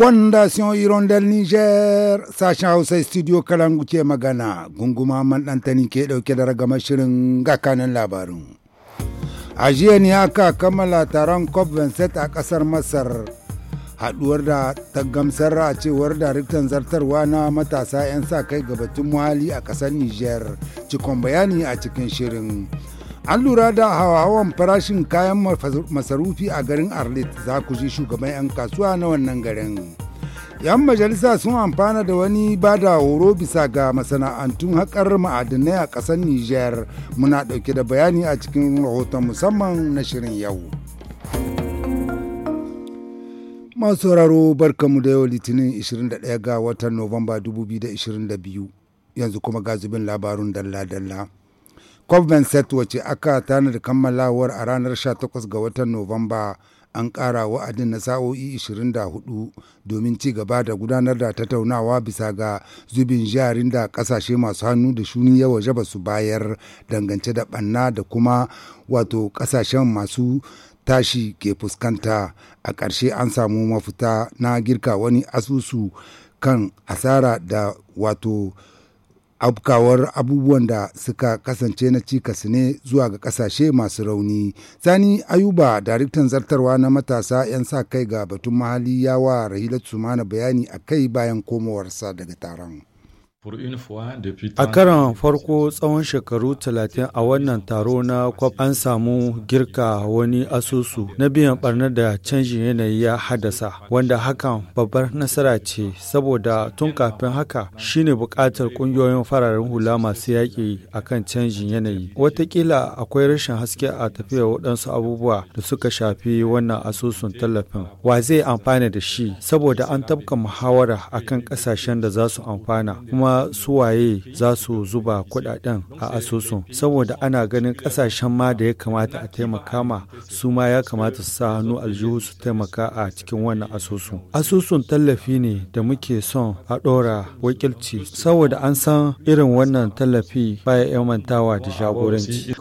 fondation hirondel niger sashen hausa studio kalangu ke magana gunguma man ɗantani ke ɗauke da ragama shirin gakanin labarin a jiya ne aka kammala taron cop 27 a ƙasar masar haɗuwar da ta gamsar a cewar daraktan zartarwa na matasa 'yan sa kai gabatun muhali a ƙasar niger cikon bayani a cikin shirin an lura da hawa farashin kayan masarufi a garin arlit za ku ji shugaban 'yan kasuwa na wannan garin yan majalisa sun amfana da wani ba da horo bisa ga masana'antun haƙar ma'adinai a ƙasar niger muna ɗauke da bayani a cikin rahoton musamman na shirin yau masu sauraro barkamu da yau litinin 21 ga watan nuwamba 2022 yanzu kuma ga zubin labarun dalla-dalla cop Set wace aka tanada kammalawar a ranar 18 ga watan Nuwamba an ƙara wa'adin na sa'o'i 24 domin ci gaba da gudanar da tattaunawa bisa ga zubin jarin da ƙasashe masu hannu da shuni ya waje ba su bayar dangance da ɓanna da kuma wato ƙasashen masu tashi ke fuskanta a ƙarshe an samu mafita na girka wani asusu kan asara da wato abkawar abubuwan da suka kasance na cikas ne zuwa ga kasashe masu rauni sani ayuba daraktan zartarwa na matasa 'yan sa kai ga batun mahali yawa rahilat sumana bayani a kai bayan komowarsa daga taron A karan farko tsawon shekaru talatin a wannan taro na kwab an samu girka wani asusu na biyan barna da canjin yanayi ya haddasa, wanda hakan babbar nasara ce saboda tun kafin haka shine bukatar kungiyoyin fararen hula masu yaƙi a kan canjin yanayi. wataƙila akwai rashin haske a tafiyar waɗansu abubuwa da suka shafi wannan asusun tallafin. Wa zai amfana da shi saboda an tabka muhawara akan ƙasashen da za su amfana kuma kuma waye za su zuba kudaden a asusun saboda ana ganin kasashen ma da ya kamata a taimaka ma su ma ya kamata su sa hannu aljihu su taimaka a cikin wannan asusun asusun tallafi ne da muke son a ɗora wakilci saboda an san irin wannan tallafi baya mantawa da jagoranci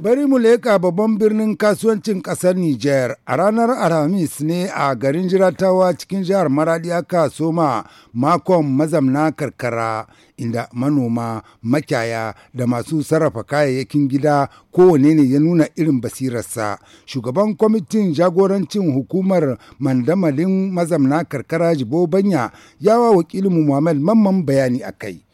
Bari mu leƙa babban birnin kasuwancin ƙasar Nijar a ranar Alhamis ne a garin Jiratawa cikin jihar Maradi aka soma makon mazamna karkara inda manoma, makyaya da masu sarrafa kayayyakin gida kowane ne ya nuna irin basirarsa. Shugaban kwamitin jagorancin hukumar mandamalin mazamna karkara Jibo Banya yawa wakilinmu Muhammad Mamman bayani a kai.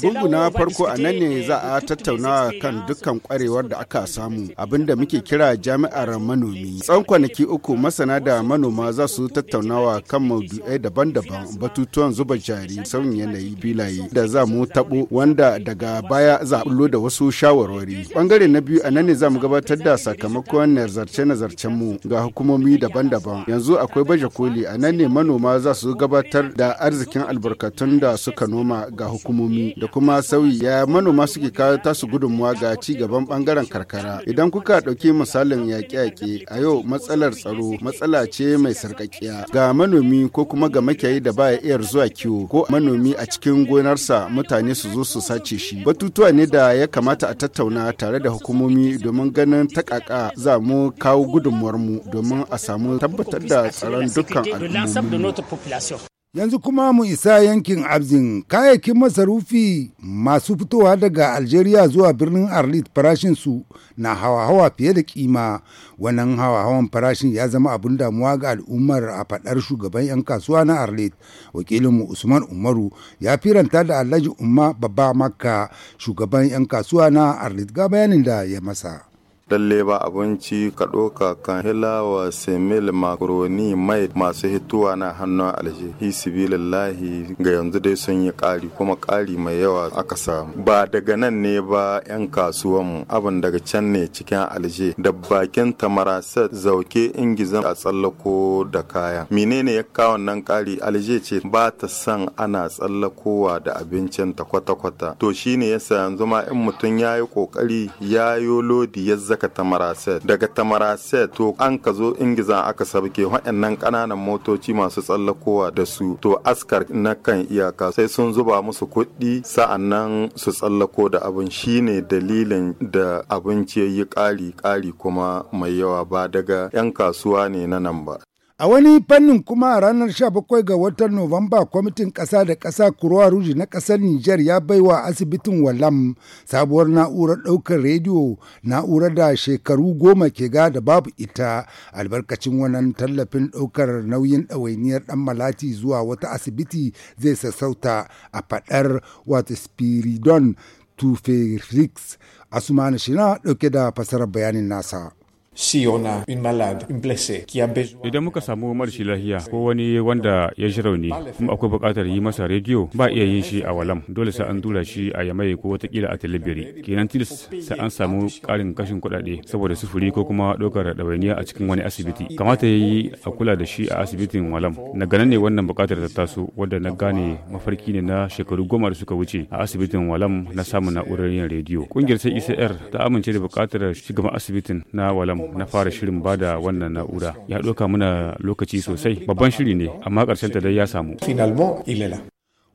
Gungu na farko a nan ne za a tattauna kan dukkan kwarewar da aka samu abinda muke kira jami'ar manomi. Tsawon kwanaki uku masana da manoma za su tattaunawa kan maudu'ai daban-daban batutuwan zuba jari sauyin yanayi bilaye da za mu tabo wanda daga baya za a da wasu shawarwari. Bangare na biyu a nan ne za mu gabatar da sakamakon nazarce-nazarcen mu ga hukumomi daban-daban. Yanzu akwai baje koli a nan ne manoma za su gabatar da arzikin albarkatun da suka noma ga hukumomi da kuma sauyi ya manoma suke kawo tasu gudunmuwa ga ci gaban bangaren karkara. Idan kuka ɗauki misalin yaƙe-yaƙe a yau matsalar tsaro matsala ce mai sarƙaƙiya ga manomi ko kuma ga makiyayi da baya iyar zuwa kiwo ko manomi a cikin gonarsa mutane su zo su sace shi. Batutuwa ne da ya kamata a tattauna tare da hukumomi domin ganin takaka za mu kawo gudunmuwarmu domin a samu tabbatar da tsaron dukkan al'ummomi. Yanzu kuma mu isa yankin Abzin kayayyakin masarufi masu fitowa daga Algeria zuwa birnin Arlit farashin su na hawa-hawa fiye da kima. Wannan hawa-hawan farashin ya zama abun damuwa ga al'ummar a fadar shugaban 'yan kasuwa na Arlit. Wakilinmu Usman Umaru ya firanta da Alhaji Umma Babba Makka shugaban 'yan kasuwa na Arlit ga bayanin da ya masa. lalle ba abinci ka ɗoka kan hilawa semil makaroni mai masu hituwa na hannun aljihi sibilillahi ga yanzu dai sun yi ƙari kuma ƙari mai yawa aka samu ba daga nan ne ba 'yan kasuwanmu abin daga can ne cikin alje da bakin Tamarasar, zauke ingizan a tsallako da kaya menene ya kawo nan ƙari alje ce ba ta san ana tsallakowa da abincin ta kwata-kwata to shine yasa yanzu ma in mutum ya yi ƙoƙari ya yi lodi ya zaka. daga tamaraset daga tamaraset to an ka zo ingiza aka sabke waɗannan ƙananan motoci masu tsallakowa da su to askar na kan iyaka sai sun zuba musu kuɗi sa'annan su tsallako da abin shine dalilin da abinci ya yi ƙari ƙari kuma mai yawa ba daga 'yan kasuwa ne na nan ba A wani fannin kuma a ranar 17 ga watan Nuwamba kwamitin ƙasa da ƙasa Kuruwa Ruji na ƙasar Nijar ya baiwa asibitin Walam sabuwar na'urar ɗaukar rediyo na'urar da shekaru goma ke ga da babu ita albarkacin wannan tallafin ɗaukar nauyin ɗawainiyar ɗan malati zuwa wata asibiti zai sassauta a faɗar wata Spiridon Tuferix Asumani Shina ɗauke da fasarar bayanin nasa. si Idan muka samu marshi lahiya ko wani wanda ya ji rauni kuma akwai buƙatar yi masa rediyo ba iya yin shi a walam dole sai an dura shi a yamai ko watakila a talibiri kenan tilis sai an samu ƙarin kashin kuɗaɗe saboda sufuri ko kuma ɗaukar ɗawainiya a cikin wani asibiti kamata ya yi a kula da shi a asibitin walam na gana ne wannan buƙatar ta taso wanda na gane mafarki ne na shekaru goma da suka wuce a asibitin walam na samun na'urar yin rediyo kungiyar sai icr e ta amince da buƙatar shugaban asibitin na walam na fara shirin ba da wannan na'ura ya ɗauka muna lokaci sosai babban shiri ne amma ƙarshen ta dai ya samu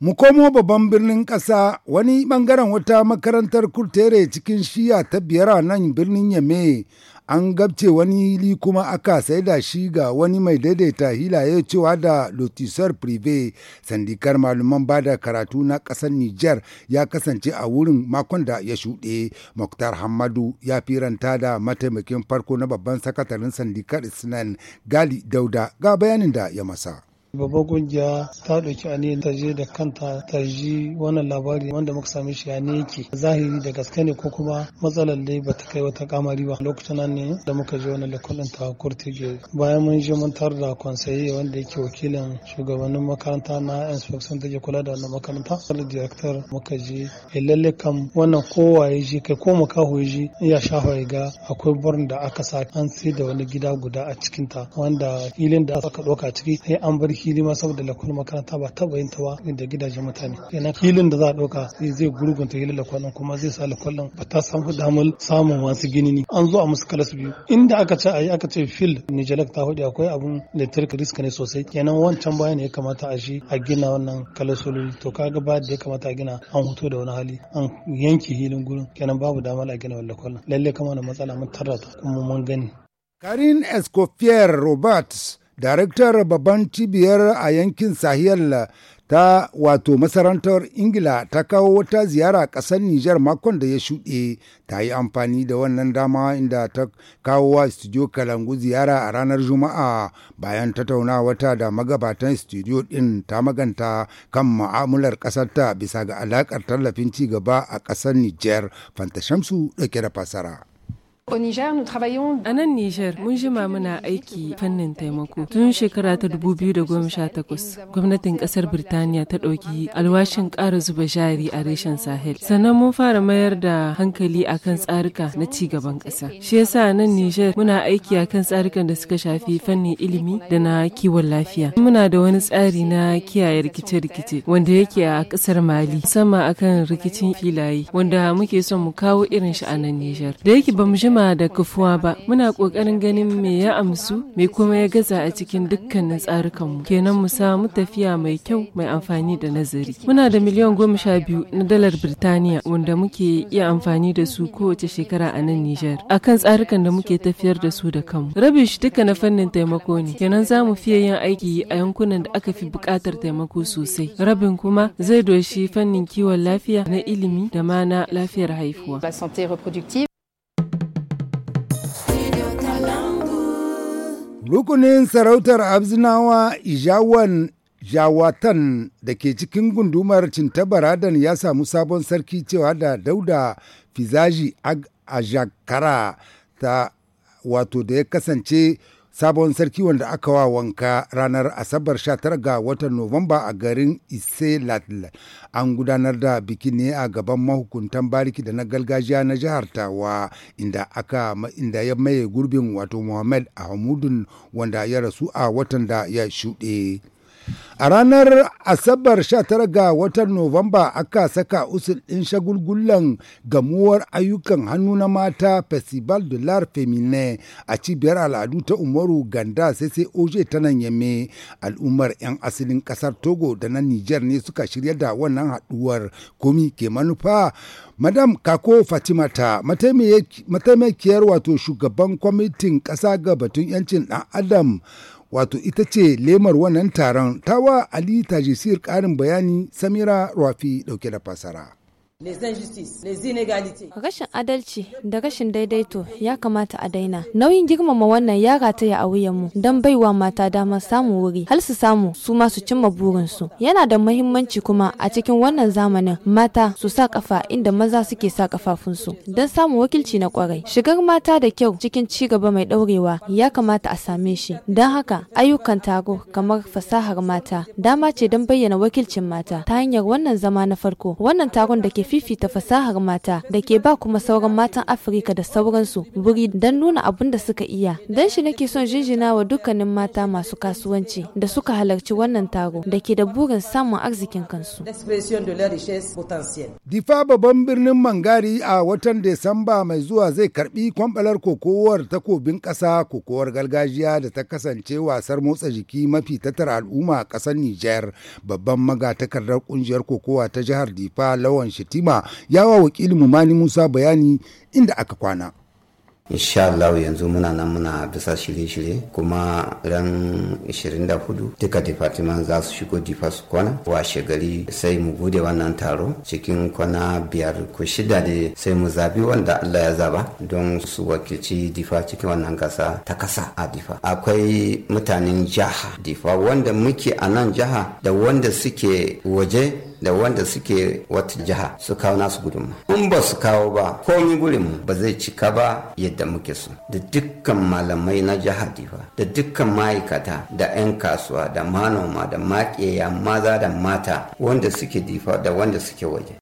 mu komo babban birnin ƙasa wani ɓangaren wata makarantar kurtere cikin shiya ta biyar a nan birnin yame an gabce wani hili kuma aka saida shi ga wani mai daidaita hilaye cewa da lotisar prive sandikar malaman da karatu na ƙasar niger ya kasance a wurin makon da ya shuɗe muktar hamadu ya firanta da mataimakin farko na babban sakatarin sandikar isnan gali dauda ga bayanin da ya masa babban kungiya ta ɗauki aniyan ta je da kanta ta ji wannan labari wanda muka same shi ne yake zahiri da gaske ne ko kuma matsalar dai ba ta kai wata kamari ba lokacin nan ne da muka je wannan lakwalin ta kurtige bayan mun je mun tar da kwansaye wanda yake wakilin shugabannin makaranta na inspection take kula da wannan makaranta da director muka je eh, lalle kam wannan kowa ya ji kai ko makaho ya ji ya ga akwai barin da aka sa an sai da wani gida guda a cikinta wanda filin da aka ɗauka ciki sai an bar hili ma saboda lakon makaranta ba ta yin ba da gidajen mutane kenan hilin da za a ɗauka zai gurgunta hilin lakon kuma zai sa lakon ba ta samu damar samun wasu gini ne. an zo a musu kalas biyu inda aka ce a yi aka ce fil nijalak ta hudu akwai abun electric riska ne sosai kenan wancan bayan ne ya kamata a shi a gina wannan kalasololi to kaga ba da ya kamata a gina an hoto da wani hali an yanke hilin gurin kenan babu damar a gina wannan kwallon lalle kama da matsala mun tarrata kuma mun gani. Karin Escoffier Roberts daraktar babban cibiyar a yankin sahel ta wato masarantar ingila ta kawo wata ziyara ƙasar nijar makon da ya shuɗe ta yi amfani da wannan dama inda ta kawo wa studio kalangu ziyara a ranar juma'a bayan wata da magabatan studio ɗin ta maganta kan ma'amular ƙasarta bisa ga alaƙar tallafin ci gaba a ƙasar nijar fanta shamsu ɗauke da fasara A nan Nijar mun jima muna aiki fannin taimako. Tun shekara ta 2018 gwamnatin ƙasar Birtaniya ta ɗauki alwashin ƙara zuba jari a reshen Sahel. Sannan mun fara mayar da hankali akan tsarika na ci gaban ƙasa. Shi yasa nan Nijar muna aiki akan tsarikan da suka shafi fannin ilimi da na kiwon lafiya. Muna da wani tsari na kiyaye rikice-rikice wanda yake a ƙasar Mali sama akan rikicin filaye wanda muke son mu kawo irin shi a nan Nijar. Da yake ba mu cimma da kafuwa ba muna ƙoƙarin ganin me ya amsu me kuma ya gaza a cikin dukkanin tsarukanmu kenan mu samu tafiya mai kyau mai amfani da nazari muna da miliyan goma sha biyu na dalar birtaniya wanda muke iya amfani da su kowace shekara a nan nijar akan tsarukan da muke tafiyar da su da kanmu rabish duka na fannin taimako ne kenan za mu fiye yin aiki a yankunan da aka fi buƙatar taimako sosai rabin kuma zai doshi fannin kiwon lafiya na ilimi da ma na lafiyar haihuwa Rukunin sarautar Abzinawa Ijawan Jawatan da ke cikin gundumar Cintabaradan ya samu sabon sarki cewa da Dauda Fizaji jakara ta wato da ya kasance sabon sarki wanda aka wa wanka ranar asabar 19 ga watan nuwamba a garin iselatl an gudanar da biki ne a gaban mahukuntan bariki da na gargajiya na jihar tawa inda aka inda ya maye gurbin wato muhammad ahmudun wanda ya rasu a watan da ya shuɗe. A ranar Asabar 19 ga watan Nuwamba aka saka usul ɗin shagulgulan gamuwar ayyukan hannu na mata Festival de l'Art Féminin a cibiyar al'adu ta Umaru Ganda sai sai Oje ta nan yame al'ummar 'yan asalin ƙasar Togo da na Nijar ne suka shirya da wannan haɗuwar komi ke manufa. Madam Kako Fatimata mataimakiyar wato shugaban kwamitin ƙasa ga batun 'yancin ɗan Adam wato ita ce lemar wannan taron tawa ali tajisir karin bayani samira rafi dauke da fasara. Rashin adalci da rashin daidaito ya kamata a daina. Nauyin girmama wannan ya rataya a wuyanmu don baiwa mata dama samun wuri, har su samu su ma su cimma burinsu. Yana da mahimmanci kuma a cikin wannan zamanin mata su sa kafa inda maza suke sa kafafunsu don samun wakilci na kwarai. Shigar mata da kyau cikin ci gaba mai daurewa ya kamata a same shi. Don haka ayyukan taro kamar fasahar mata dama ce don bayyana wakilcin mata ta hanyar wannan zama na farko. Wannan taron da ke fifita fasahar mata da ke ba kuma sauran matan Afirka da sauransu wuri don nuna abin da suka iya. Don shi nake son jinjina wa dukkanin mata masu kasuwanci da suka halarci wannan taro da ke da burin samun arzikin kansu. Difa babban birnin Mangari a watan Desamba mai zuwa zai karbi kwambalar kokowar takobin kasa kokowar gargajiya da ta kasance wasar motsa jiki mafi tatar al'umma a kasar niger babban magatakardar ƙungiyar kokowa ta jihar Difa lawan Shiti Galadima ya wa mu Mani Musa bayani inda aka kwana. insha Allah yanzu muna nan muna bisa shirye-shirye kuma ran 24 duka department za su shigo difa su kwana washe gari sai mu bude wannan taro cikin kwana biyar ko shida ne sai mu zabi wanda Allah ya zaba don su wakilci difa cikin wannan kasa. ta kasa a difa akwai mutanen jaha difa wanda muke a nan jaha da wanda suke waje da wanda suke wata jiha su kawo nasu gudunma in ba su kawo ba komi gurin ba zai cika ba yadda muke so da dukkan malamai na jiha difa da dukkan ma'aikata da 'yan kasuwa da manoma da maƙeya maza da mata wanda suke difa da wanda suke waje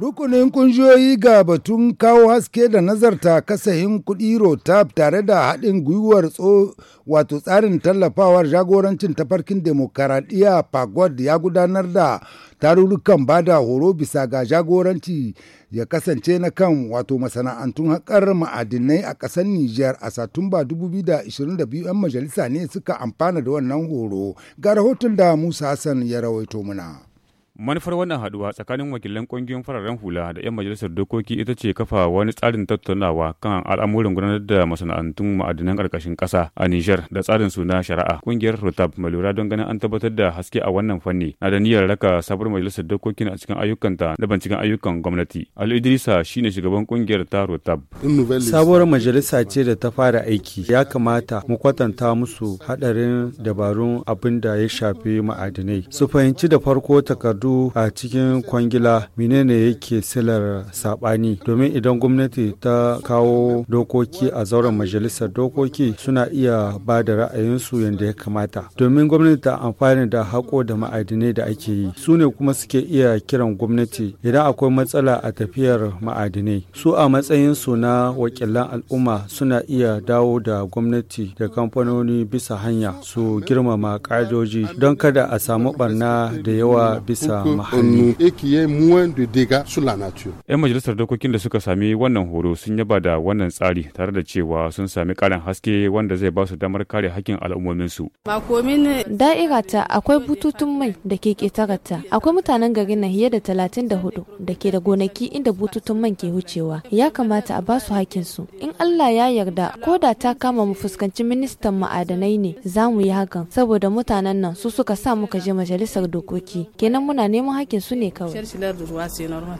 Rukunin kungiyoyi ga batun kawo haske da nazarta kasahin kuɗi rotab tare da haɗin gwiwar wato tsarin tallafawar jagorancin tafarkin demokaradiyya pagod ya gudanar da tarurrukan bada horo bisa ga jagoranci ya kasance na kan wato masana'antun haƙar ma'adinai a ƙasar Nijar a Satumba 2022 'yan majalisa ne suka amfana da wannan horo ga rahoton da Musa Hassan ya rawaito muna. manufar wannan haduwa tsakanin wakilan kungiyoyin fararen hula da 'yan majalisar dokoki ita ce kafa wani tsarin tattaunawa kan al'amuran gudanar da masana'antun ma'adinan karkashin ƙasa a nijar da tsarin suna shari'a kungiyar rotab mai lura don ganin an tabbatar da haske a wannan fanni na da niyyar raka sabuwar majalisar dokoki a cikin ayyukanta da binciken ayyukan gwamnati al idrisa shine shugaban kungiyar ta rotab sabuwar majalisa ce da ta fara aiki ya kamata mu kwatanta musu hadarin dabarun abin da ya shafi ma'adinai su fahimci da farko takardu hudu a cikin kwangila menene yake silar sabani domin idan gwamnati ta kawo dokoki a zauren majalisar dokoki suna iya ba da ra'ayinsu yadda ya kamata domin gwamnati ta amfani da hako da ma'adinai da ake yi su ne kuma suke iya kiran gwamnati idan akwai matsala a tafiyar ma'adinai su a matsayinsu na wakilan al'umma suna iya dawo da gwamnati da kamfanoni bisa hanya su girmama ƙa'idoji don kada a samu barna da yawa bisa muhalli. 'Yan majalisar dokokin da suka sami wannan horo sun yaba da wannan tsari tare da cewa sun sami karin haske wanda zai ba su damar kare hakkin su Da'ira ta akwai bututun mai da ke ketarata. Akwai mutanen garin na fiye da talatin da hudu da ke da gonaki inda bututun man ke wucewa. Ya kamata a ba su su In Allah ya yarda ko da ta kama mu fuskanci ministan ma'adanai ne za mu yi hakan saboda mutanen nan su suka sa muka je majalisar dokoki. Kenan muna suna neman hakin su ne kawai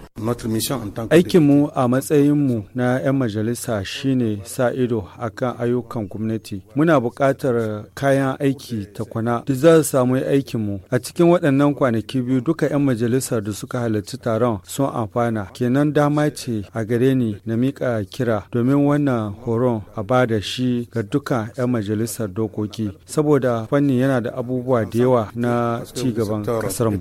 aikinmu a matsayinmu na 'yan majalisa shine sa ido akan ayyukan gwamnati muna buƙatar kayan aiki takwana duk za su samu aikinmu a cikin waɗannan kwanaki biyu duka 'yan majalisar da suka halarci taron sun amfana kenan dama ce a gare ni na miƙa kira domin wannan horon a ba da shi ga duka 'yan majalisar dokoki saboda fanni yana da abubuwa da yawa na ci gaban ƙasarmu.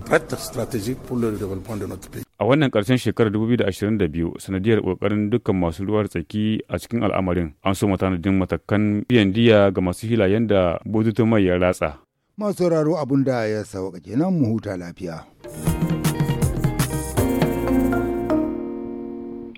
stratégique pour le développement de notre pays. A wannan ƙarshen shekarar 2022 sanadiyar ƙoƙarin dukkan masu ruwar tsaki a cikin al'amarin an so tanadin matakan biyan diya ga masu hila da bututun mai ya ratsa. Masu sauraro abun da ya sauka kenan mu huta lafiya.